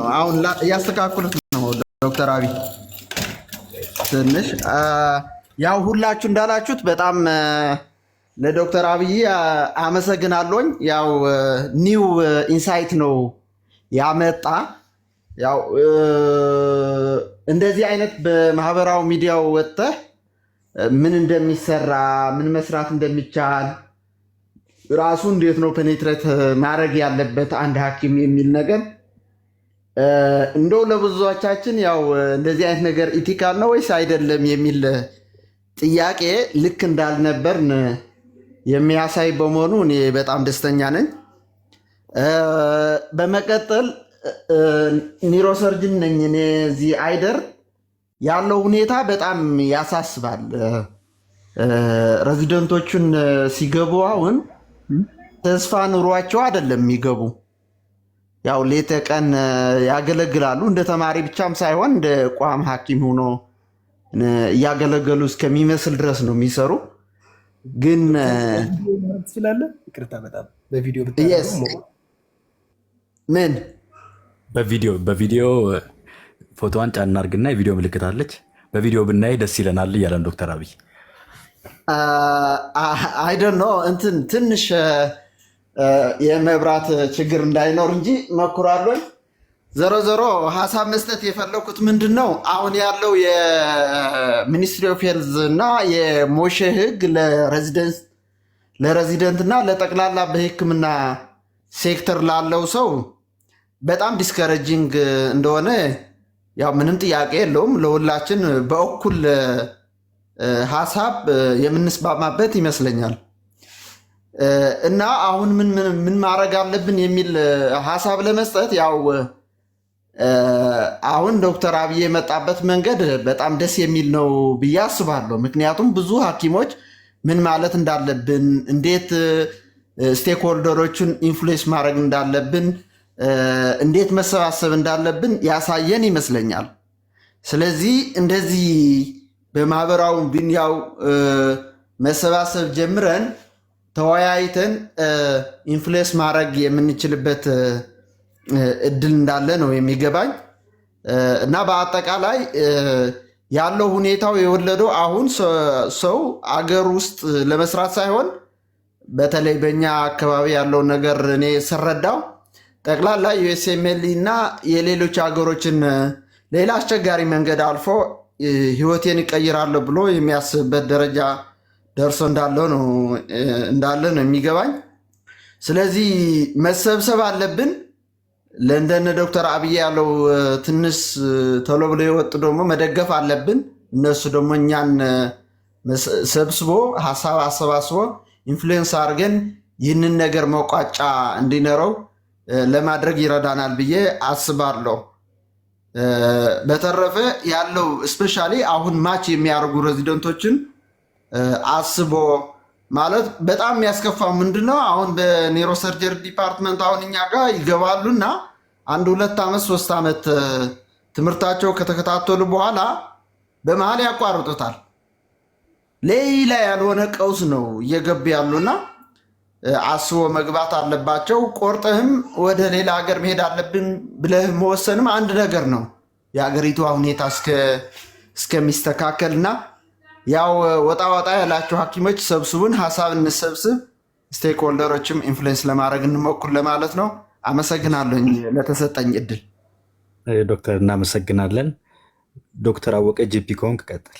ነው። አሁን እያስተካከሉት ነው ዶክተር አብይ ትንሽ ያው ሁላችሁ እንዳላችሁት በጣም ለዶክተር አብይ አመሰግናለኝ። ያው ኒው ኢንሳይት ነው ያመጣ። ያው እንደዚህ አይነት በማህበራዊ ሚዲያው ወጥተህ ምን እንደሚሰራ ምን መስራት እንደሚቻል ራሱ እንዴት ነው ፔኔትሬት ማድረግ ያለበት አንድ ሐኪም የሚል ነገር እንደው ለብዙዎቻችን ያው እንደዚህ አይነት ነገር ኢቲካል ነው ወይስ አይደለም የሚል ጥያቄ ልክ እንዳልነበር የሚያሳይ በመሆኑ እኔ በጣም ደስተኛ ነኝ። በመቀጠል ኒሮሰርጅን ነኝ እኔ። እዚህ አይደር ያለው ሁኔታ በጣም ያሳስባል። ረዚደንቶቹን ሲገቡ አሁን ተስፋ ኑሯቸው አይደለም የሚገቡ ያው ሌተ ቀን ያገለግላሉ። እንደ ተማሪ ብቻም ሳይሆን እንደ ቋም ሐኪም ሆኖ እያገለገሉ እስከሚመስል ድረስ ነው የሚሰሩ። ግን ምን በቪዲዮ በቪዲዮ ፎቶዋን ጫና የቪዲዮ ምልክት አለች። በቪዲዮ ብናይ ደስ ይለናል እያለን ዶክተር አብይ አይደን ነው እንትን ትንሽ የመብራት ችግር እንዳይኖር እንጂ መኩራለን። ዞሮ ዞሮ ሀሳብ መስጠት የፈለኩት ምንድን ነው፣ አሁን ያለው የሚኒስትሪ ኦፍ ሄልዝ እና የሞሼ ህግ ለሬዚደንት እና ለጠቅላላ በህክምና ሴክተር ላለው ሰው በጣም ዲስከረጂንግ እንደሆነ ያው ምንም ጥያቄ የለውም። ለሁላችን በእኩል ሀሳብ የምንስማማበት ይመስለኛል። እና አሁን ምን ምን ማድረግ አለብን የሚል ሀሳብ ለመስጠት ያው አሁን ዶክተር አብይ የመጣበት መንገድ በጣም ደስ የሚል ነው ብዬ አስባለሁ። ምክንያቱም ብዙ ሐኪሞች ምን ማለት እንዳለብን፣ እንዴት ስቴክሆልደሮችን ኢንፍሉዌንስ ማድረግ እንዳለብን፣ እንዴት መሰባሰብ እንዳለብን ያሳየን ይመስለኛል። ስለዚህ እንደዚህ በማህበራዊ ቢንያው መሰባሰብ ጀምረን ተወያይተን ኢንፍሉዌንስ ማድረግ የምንችልበት እድል እንዳለ ነው የሚገባኝ እና በአጠቃላይ ያለው ሁኔታው የወለደው አሁን ሰው አገር ውስጥ ለመስራት ሳይሆን በተለይ በኛ አካባቢ ያለው ነገር እኔ ስረዳው ጠቅላላ ዩኤስኤምኤል እና የሌሎች ሀገሮችን ሌላ አስቸጋሪ መንገድ አልፎ ህይወቴን ይቀይራለሁ ብሎ የሚያስብበት ደረጃ ደርሶ እንዳለው ነው እንዳለ ነው የሚገባኝ። ስለዚህ መሰብሰብ አለብን። ለእንደነ ዶክተር አብይ ያለው ትንሽ ቶሎ ብሎ የወጡ ደግሞ መደገፍ አለብን። እነሱ ደግሞ እኛን ሰብስቦ ሀሳብ አሰባስቦ ኢንፍሉዌንስ አድርገን ይህንን ነገር መቋጫ እንዲኖረው ለማድረግ ይረዳናል ብዬ አስባለሁ። በተረፈ ያለው እስፔሻሊ አሁን ማች የሚያደርጉ ሬዚደንቶችን አስቦ ማለት በጣም የሚያስከፋው ምንድን ነው? አሁን በኔሮሰርጀር ዲፓርትመንት አሁን እኛ ጋር እና አንድ ሁለት ዓመት ሶስት ዓመት ትምህርታቸው ከተከታተሉ በኋላ በመሀል ያቋርጡታል። ሌላ ያልሆነ ቀውስ ነው እየገቡ ያሉና አስቦ መግባት አለባቸው። ቆርጠህም ወደ ሌላ ሀገር መሄድ አለብን ብለህ መወሰንም አንድ ነገር ነው የሀገሪቷ ሁኔታ እስከሚስተካከል እና ያው ወጣ ወጣ ያላችሁ ሐኪሞች ሰብስቡን፣ ሀሳብ እንሰብስብ፣ ስቴክሆልደሮችም ኢንፍሉዌንስ ለማድረግ እንሞክር ለማለት ነው። አመሰግናለሁ ለተሰጠኝ እድል ዶክተር። እናመሰግናለን ዶክተር አወቀ ጂፒ ከሆንክ ቀጥል።